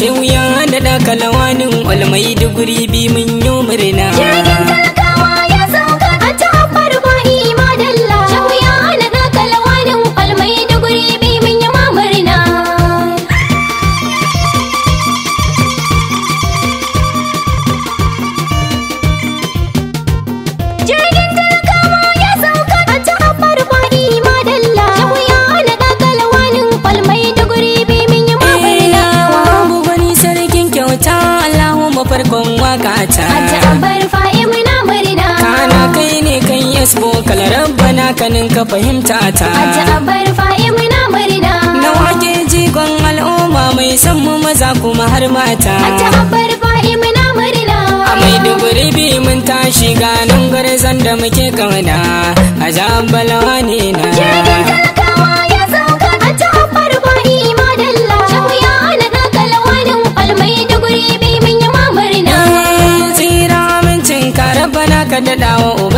shehu ya da kalawanin olmai duguri bi mun ganin ka fahimta ta aji abar fa'i muna murna na wake jigon al'umma mai san mu maza kuma har mata aji abar fa'i muna murna a mai duburi bi mun tashi ganin garzan da muke kauna aji abbalawa ne na jirgin talakawa abar na mun yi ka daɗawa uba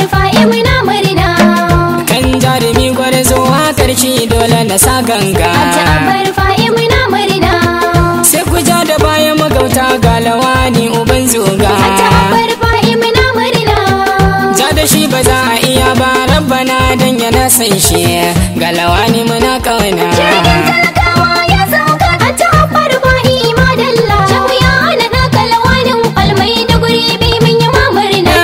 da sa ganga Sai da baya magauta ga lawani a iya ba dan ya na san shi ga lawani muna kauna Jirgin talakawa ya sauka fa'i madalla Shafiya ana naka lawanin kwalmai da guri bai mun yi mamurna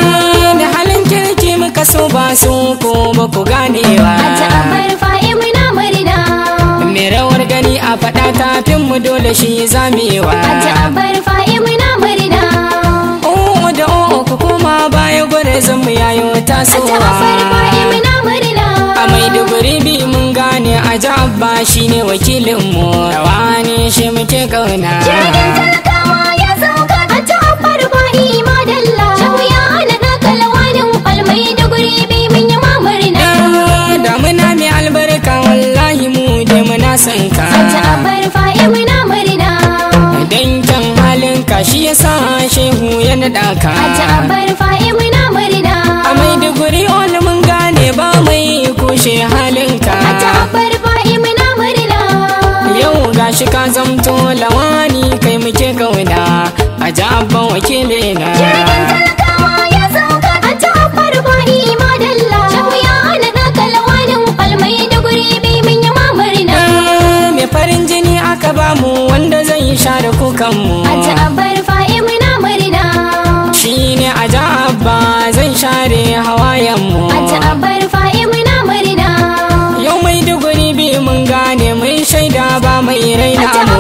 Da halin kirki muka so ba su ko ba ku ganewa a abar fa'i mai rawar gani a faɗa tafin mu dole shi za mu yi wa aji abar fa'i muna murna o'o da o'o ku koma baya gwada zan mu yayo tasowa aji abar fa'i muna murna a maiduguri bi mun gane aji abba shine wakilin mu. ne shi muke ƙauna. jirgin daka. A abar fa'i muna murna. A Maiduguri wani mun gane ba mai kushe halinka. A abar fa'i muna murna. Yau gashi ka zamto lawani kai muke kauna. A ja'abban wakilina. Jirgin talakawa ya sauka. A ta'abbar fa'i madalla. Shafu ya hana daga lawanin almai da guri bi mun yi murna. Ah, me farin jini aka bamu wanda zai share kukanmu. ba mai raina na.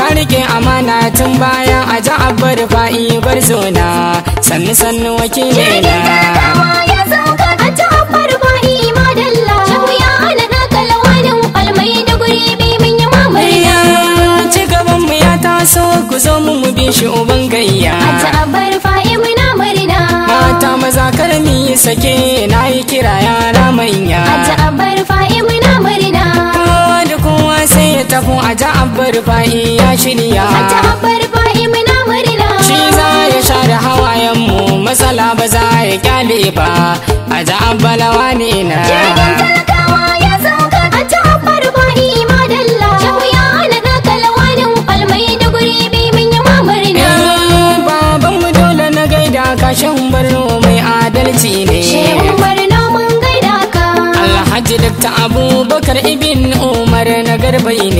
ka rike amana tun baya a ji abar fa'i bar zona sannu sannu wakilina ya sauka a ji abar fa'i madalla shafiya ana na kalawanin almai da guri bi min yi mamariya ci gaban mu ya taso ku zo mu mu bi shi uban gayya a ji abar fa'i muna murna mata maza kar karmi sake na yi kira yara manya a ji abar fa'i a ta abbar fa'i ya shirya a ta abbar fa'i muna murna shi za ya share hawayen mu matsala ba za ya kyale ba a ta abbalawa ne na jirgin talakawa ya sauka a ta abbar fa'i madalla shahu ya alaga kalwanin kwalmai da guri bi mun yi mamurna eh, baban mu dole na gaida ka shahun barno mai adalci ne shehun barno mun gaida ka alhaji dakta abubakar ibn umar na garbai ne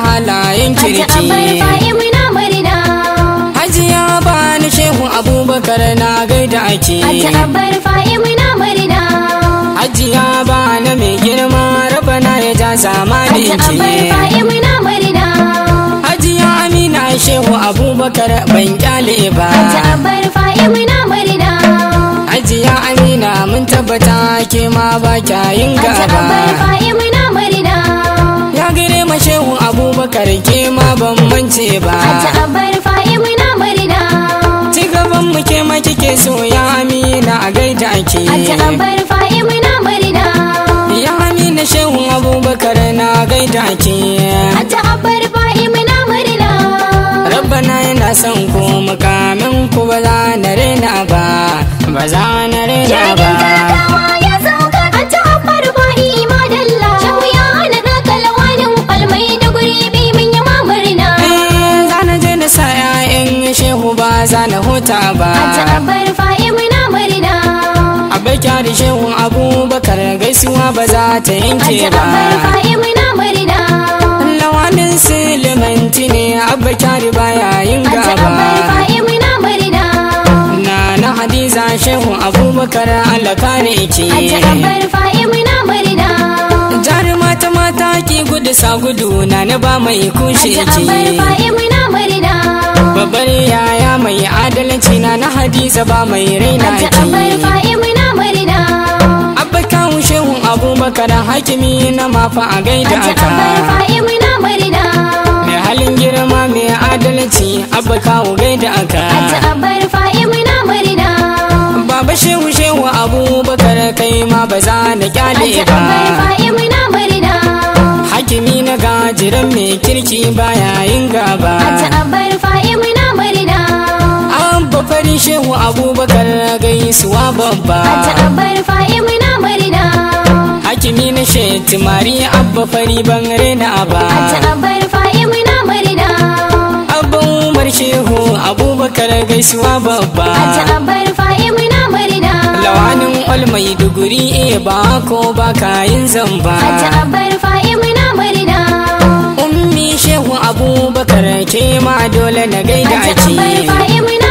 da halayen kirki eh, hajiya bani shehu abubakar na gaida ake eh, ya bani mai girma raba na ya ja zamanin hajji ya amina shehu abubakar ban kyale ba eh, ya amina mun tabbata ke ma ba kyayin gaba ya gire ma shehu abubakar ke ma ban mance ba hajji abar fa'i muna murna ci gaban mu ke ma kike so ya amina a gaida ake hajji abar fa'i muna murna ya amina shehu abubakar na gaida ake hajji abar fa'i muna murna rabbana yana son ku mukamin ku ba za na rena ba ta yanke ba lawanin silimanti ne abba kyari baya yin gaba na hadiza shehu abubakar alaka ne ke jari mata mata ki gudu sa gudu na na ba mai kushe ke babbar yaya mai adalci na na hadiza ba mai raina ke abubakar hakimi na mafa a gaida ka mai halin girma mai adalci abba kawo gaida ka baba shehu shehu abubakar kai ma ba za na kyale ka hakimi na gajiran mai kirki baya yin gaba a ta'abbar fa'imu na murna abba fari shehu abubakar gaisuwa babba hajji abbar fa'i muna murna hakimi na mari abba fari ban rena ba hajji abbar fa'i muna murna abba umar shehu abubakar gaisuwa babba hajji abbar fa'i muna murna lawanin olmai duguri e eh, ba ko ba kayan zamba hajji abbar fa'i muna murna ummi shehu abubakar ke ma dole na gaida ce hajji abbar fa'i muna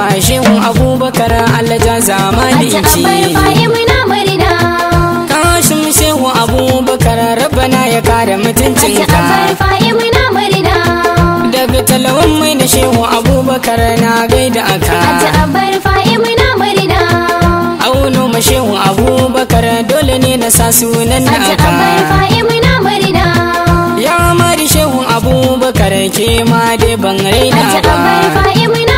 ma shehun abubakar alaja zamani ce kashim shehu abubakar rabana ya kare mutuncinka daga talawan mai da shehu abubakar na gaida aka auno ma shehu abubakar dole ne na sa sunan na aka ya mari shehu abubakar ke ma dai ban raina ba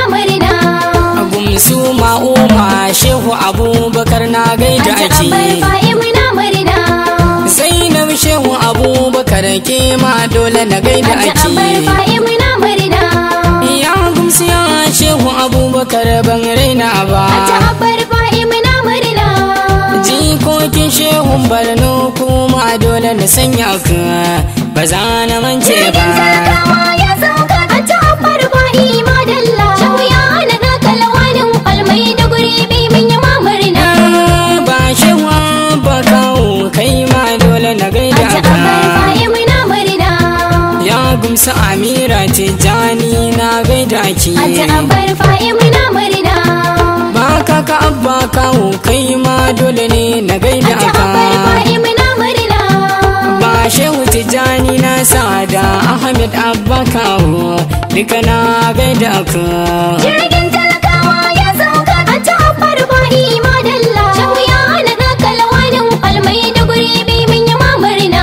shi Zainab Shehu Abubakar ke ma dole na gaida ake eh, Ya gumsi ya Shehu Abubakar ban raina ba eh, Jikokin shehu Barno kuma dole na sanya ka ba za na mance ba eh, Madalla, shauya na kalwanin kwalmai da guri bi min yi shamsu amira tijjani na gaida ki a ta abar fa'imu na murna ba ka ka abba kawo kai ma dole ne na gaida ka a ta abar fa'imu na murna ba shehu tijjani na sada ahmed abba kawo duka na gaida ka jirgin talakawa ya sauka a ta abar fa'imu madalla shehu ya hana na kalawanin almai da guri bi mun yi mamurna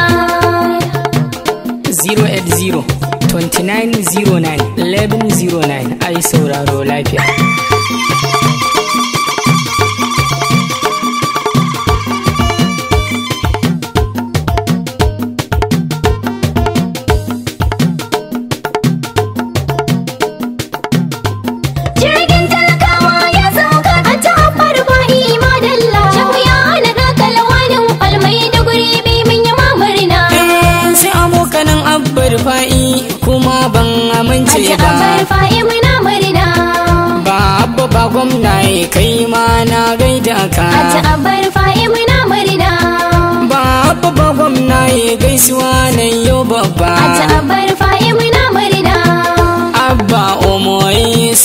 080 2909 1109 ai sauraro lafiya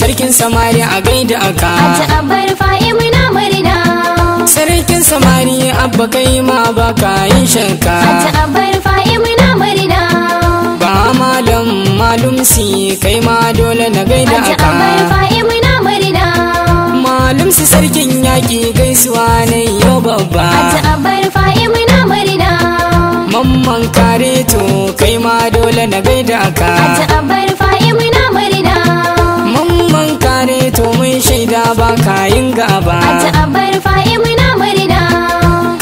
sarkin samari a gaida aka aji abar fa'i muna murna sarkin samari abba kai ma ba ka yin shanka aji abar fa'i muna murna ba malam malum si kai ma dole na gaida aka aji abar fa'i muna murna malum si sarkin yaki gaisuwa ne yau babba aji abar fa'i muna murna mamman kare to kai ma dole na gaida aka aji abar fa'i muna gaba ba kayin gaba ta abar fa'i muna murna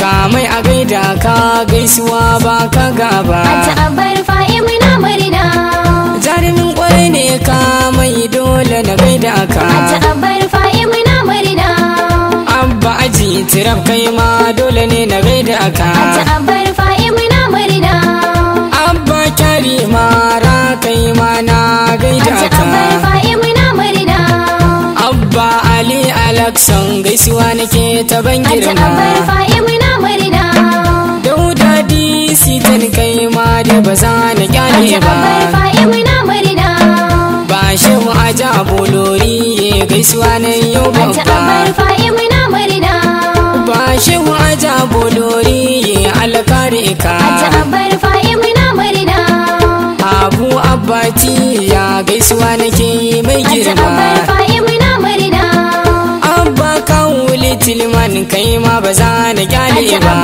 ka mai a gaida ka gaisuwa ba ka gaba ta abar fa'i muna murna jarumin kwarai ne ka mai dole na gaida ka ta abar fa'i muna murna abba aji tirab kai ma dole ne na gaida ka ta Jackson gaisuwa nake ta ban girma. Aji abar fa'i murna. tan kai ma da baza na kyale ba. Aji abar fa'i muna murna. Bashe mu eh, gaisuwa na yau babba. Aji abar fa'i muna eh, alkari ka. Abu abati ya gaisuwa nake mai girma. nan kai ma ba za na gyale ba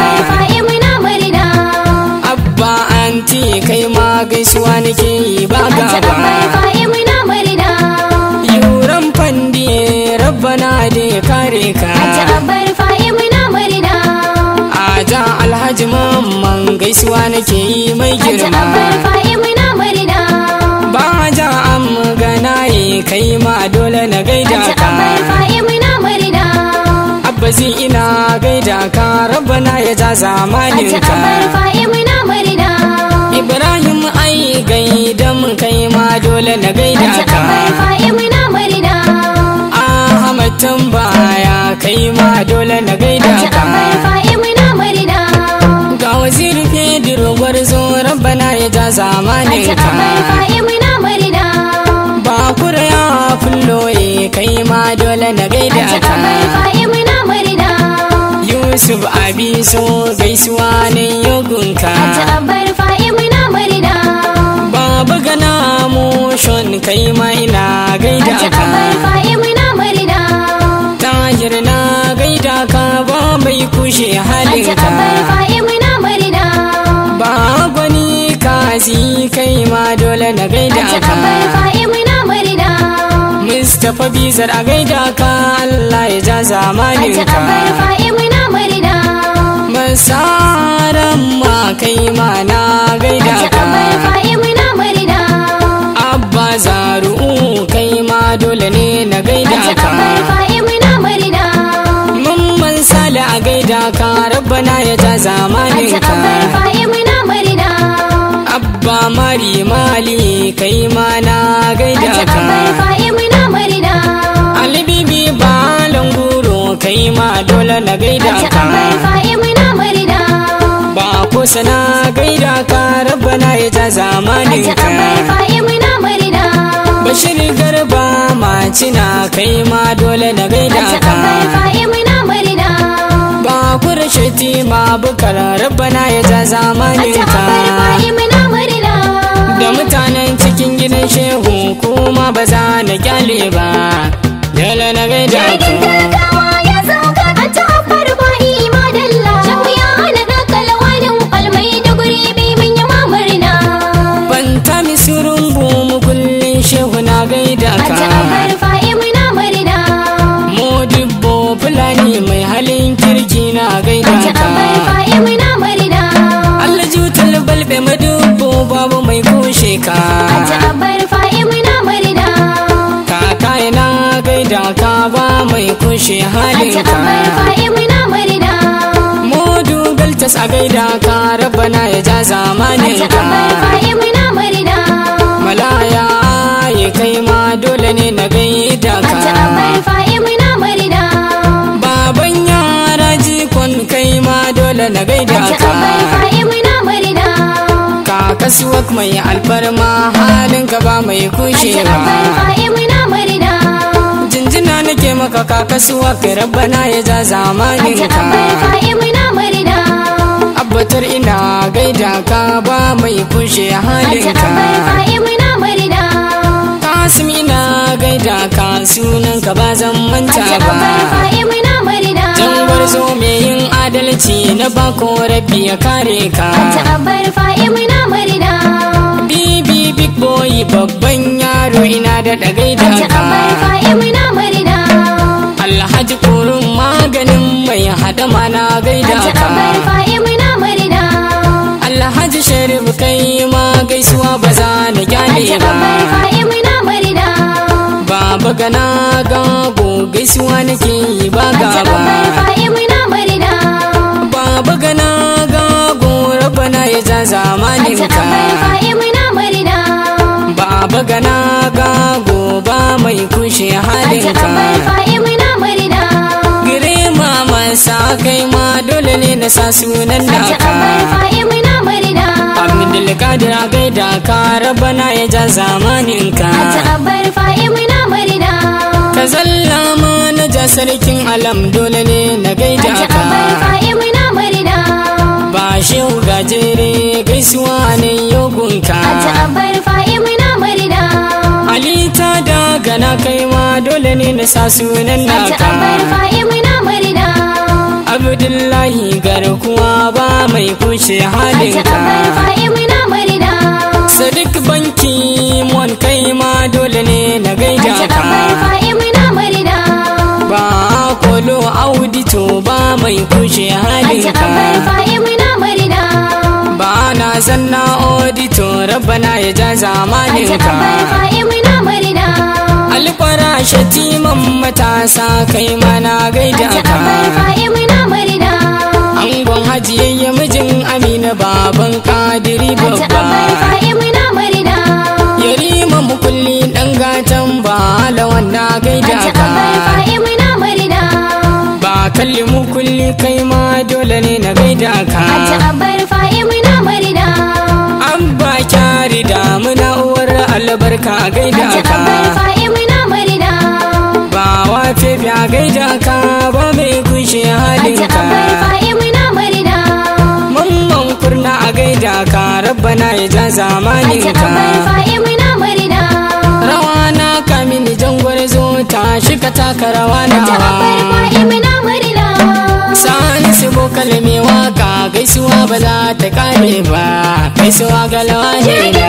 abba anti kai ma gaisuwa nake yi ba ga ba yuran fandi rabbana da ya kare ka aja alhaji mamman gaisuwa nake yi mai girma ba ja an gana yi kai ma dole na gaida fazi ina gaida ka rabbana ya ja zamanin ka Ibrahim ai gaida mun kai ma dole na gaida ka Ahmad tun baya kai ma dole na gaida ka Ga wazir Fedir gwarzo rabbana ya ja zamanin ka Bakura ya fulloye kai ma dole na gaida ka yusuf abiso gaisuwa ne yogunka ta abar fa'i muna murna babu gana mu shon kai ma ina gaida ka ta abar fa'i muna murna tahir na gaida ka ba mai kushe halin ka ta abar fa'i muna murna ba gwani kazi kai ma dole na gaida ka ta abar fa'i muna murna Mustapha bizar a gaida ka Allah ya ja zamanin ka. saran ma kai ma na gaida ka abba zaru kai ma dole ne na gaida ka mun sale a gaida ka rabbana ya ta zamanin ka abba mari mali kai ma na gaida ka alibibi guro kai ma dole na gaida ka sana gaida ka rabbana ya ta zamanin ka eh, bashiri garba macina kai ma dole na gaida ka Ba ku rashiti ma bukar rabbana ya ta zamanin ka eh, Da mutanen cikin gidan shehu kuma ba za na kyale ba mai kushe halinka modu beltas a gaida ka rabbana ya ja zamaninka malaya ya kai ma dole ne na gaida ka baban yara jikon kai ma dole na gaida ka kasuwak mai alfarma halin ba mai kushewa maka kakasuwa ka rabbana ya ja zamanin ka eh, abbatar ina gaida ka ba mai kushe halin ka eh, kasim ina gaida ka sunan ka ba zan manta ba jangwar zo eh, mai yin adalci na bako rabbi ya kare ka bibi big boy babban yaro ina da gaida ka Alhaji korin maganin mai hadama na gaida ka. Alhaji Sharif kai ma gaisuwa ba za na gyale ba. Baba gana gago gaisuwa nake yi ba gaba. Baba gana gago rabana ya ja zamanin ka. Baba gana kai ma dole ne na sa sunan da ka Abdul Kadir gaida ka na ya ja zamanin ka Ka zalla ma na ja sarkin alam dole ne na gaida ka na Ba shehu gajere gaisuwa ne yogun ka Ajabar fa'imu na murna Ali daga na kai ma dole ne na sa sunan da ka Ajabar abdullahi garkuwa ba mai kushe ka sadik banki mon kai ma dole ne na gaida ka ba kolo audito ba mai kushe halinka ba na zanna audito rabbana ya ja zamaninka yara shatiman matasa kai mana gaida ka eh, angon hajiyayya mijin amina baban kadiri babba eh, yarima mukulli dan gatan balawan wanda gaida ka eh, ba kalli mukulli kai ma dole ne na gaida ka an ba kyari damuna uwar albarka gaida ka tafi ya gaida ka ba mai kushe halinka Mamman kurna a gaida ka rabbana ya ja zamaninka Rawa na kamini jangwar zo ta shika taka rawa na Sani su bokal mai waka gaisuwa ba za ta kare ba gaisuwa galawa ne da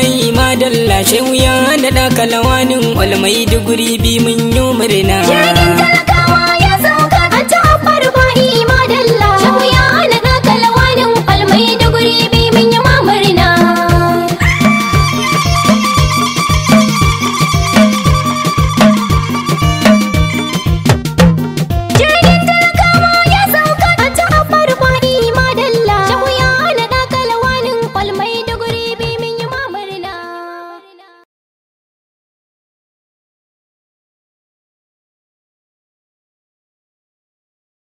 tashe wuya da ɗaka lawanin olmai guri bi mun yi murna.